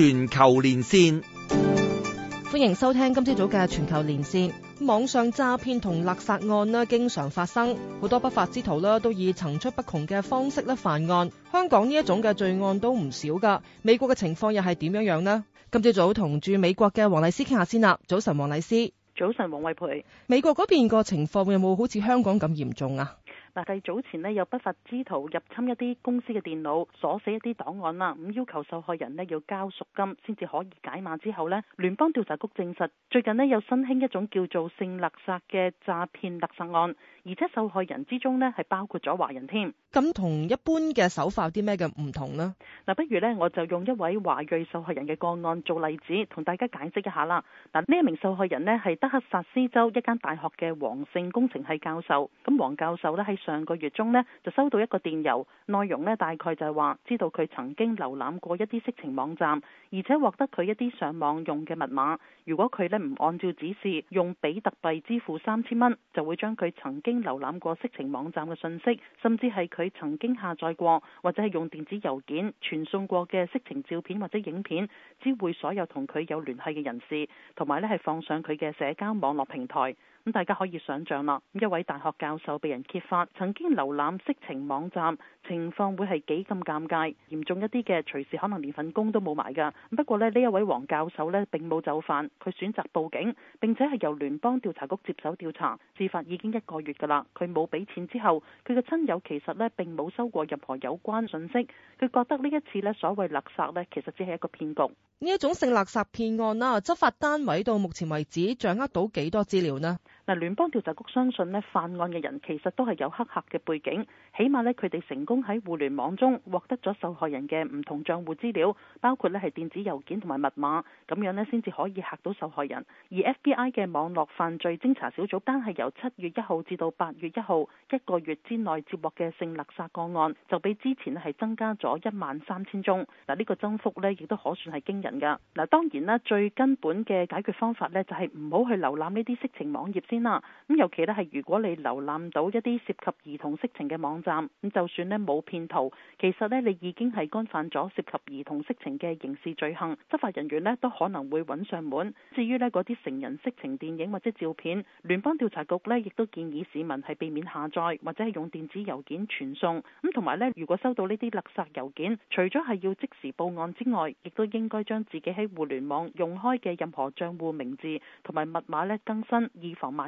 全球連線，歡迎收聽今朝早嘅全球連線。網上詐騙同勒索案咧，經常發生，好多不法之徒都以層出不窮嘅方式咧犯案。香港呢一種嘅罪案都唔少噶。美國嘅情況又係點樣樣呢？今朝早同駐美國嘅黃麗施傾下先啦。早晨，黃麗施。早晨，王慧蓓。美國嗰邊個情況有冇好似香港咁嚴重啊？嗱，計早前呢有不法之徒入侵一啲公司嘅電腦，鎖死一啲檔案啦，咁要求受害人呢要交贖金先至可以解碼。之後呢，聯邦調查局證實最近呢有新興一種叫做性勒索嘅詐騙勒索案，而且受害人之中呢係包括咗華人添。咁同一般嘅手法有啲咩嘅唔同呢？嗱，不如呢，我就用一位華裔受害人嘅個案做例子，同大家解釋一下啦。嗱，呢一名受害人呢係德克薩斯州一間大學嘅黃姓工程系教授，咁黃教授呢係上個月中呢，就收到一個電郵，內容呢大概就係話，知道佢曾經瀏覽過一啲色情網站，而且獲得佢一啲上網用嘅密碼。如果佢呢唔按照指示用比特幣支付三千蚊，就會將佢曾經瀏覽過色情網站嘅信息，甚至係佢曾經下載過或者係用電子郵件傳送過嘅色情照片或者影片，知會所有同佢有聯繫嘅人士，同埋呢係放上佢嘅社交網絡平台。大家可以想象啦，一位大學教授被人揭發曾經瀏覽色情網站，情況會係幾咁尷尬，嚴重一啲嘅，隨時可能連份工都冇埋噶。不過呢，呢一位黃教授呢並冇就範，佢選擇報警，並且係由聯邦調查局接手調查。事發已經一個月噶啦，佢冇俾錢之後，佢嘅親友其實呢並冇收過任何有關訊息。佢覺得呢一次呢所謂勒索呢，其實只係一個騙局。呢一種性勒索騙案啦，執法單位到目前為止掌握到幾多資料呢？嗱，聯邦調查局相信咧，犯案嘅人其實都係有黑客嘅背景，起碼咧佢哋成功喺互聯網中獲得咗受害人嘅唔同賬戶資料，包括咧係電子郵件同埋密碼，咁樣咧先至可以嚇到受害人。而 FBI 嘅網絡犯罪偵查小組，單係由七月一號至到八月一號一個月之內接獲嘅性勒索個案，就比之前係增加咗一萬三千宗。嗱，呢個增幅呢亦都可算係驚人㗎。嗱，當然啦，最根本嘅解決方法呢，就係唔好去瀏覽呢啲色情網頁先。嗱，咁尤其咧係如果你瀏覽到一啲涉及兒童色情嘅網站，咁就算咧冇騙徒，其實咧你已經係干犯咗涉及兒童色情嘅刑事罪行，執法人員呢都可能會揾上門。至於咧嗰啲成人色情電影或者照片，聯邦調查局呢亦都建議市民係避免下載或者係用電子郵件傳送。咁同埋呢，如果收到呢啲垃圾郵件，除咗係要即時報案之外，亦都應該將自己喺互聯網用開嘅任何賬戶名字同埋密碼呢更新，以防萬。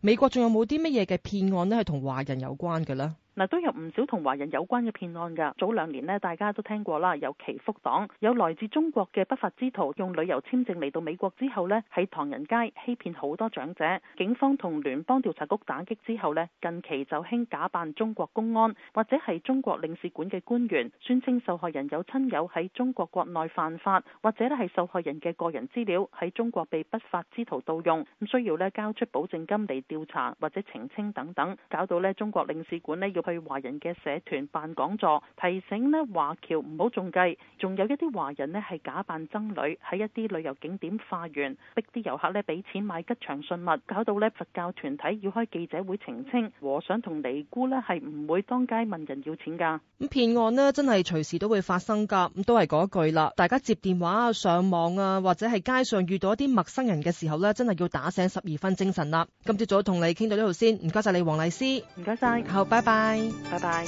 美國仲有冇啲乜嘢嘅騙案呢？係同華人有關嘅啦。嗱，都有唔少同華人有關嘅騙案噶。早兩年呢，大家都聽過啦，有祈福黨，有來自中國嘅不法之徒，用旅遊簽證嚟到美國之後呢，喺唐人街欺騙好多長者。警方同聯邦調查局打擊之後呢，近期就興假扮中國公安或者係中國領事館嘅官員，宣稱受害人有親友喺中國國內犯法，或者咧係受害人嘅個人資料喺中國被不法之徒盜用，咁需要呢交出保證金。嚟調查或者澄清等等，搞到咧中國領事館呢要去華人嘅社團辦講座，提醒呢華僑唔好中計。仲有一啲華人呢係假扮僧侶喺一啲旅遊景點化緣，逼啲遊客呢俾錢買吉祥信物，搞到呢佛教團體要開記者會澄清，和尚同尼姑呢係唔會當街問人要錢㗎。咁騙案呢真係隨時都會發生㗎，咁都係嗰句啦，大家接電話啊、上網啊，或者係街上遇到一啲陌生人嘅時候呢，真係要打醒十二分精神啦。早同你傾到呢度先，唔該晒。你，黃麗施，唔該晒。好，拜拜，拜拜。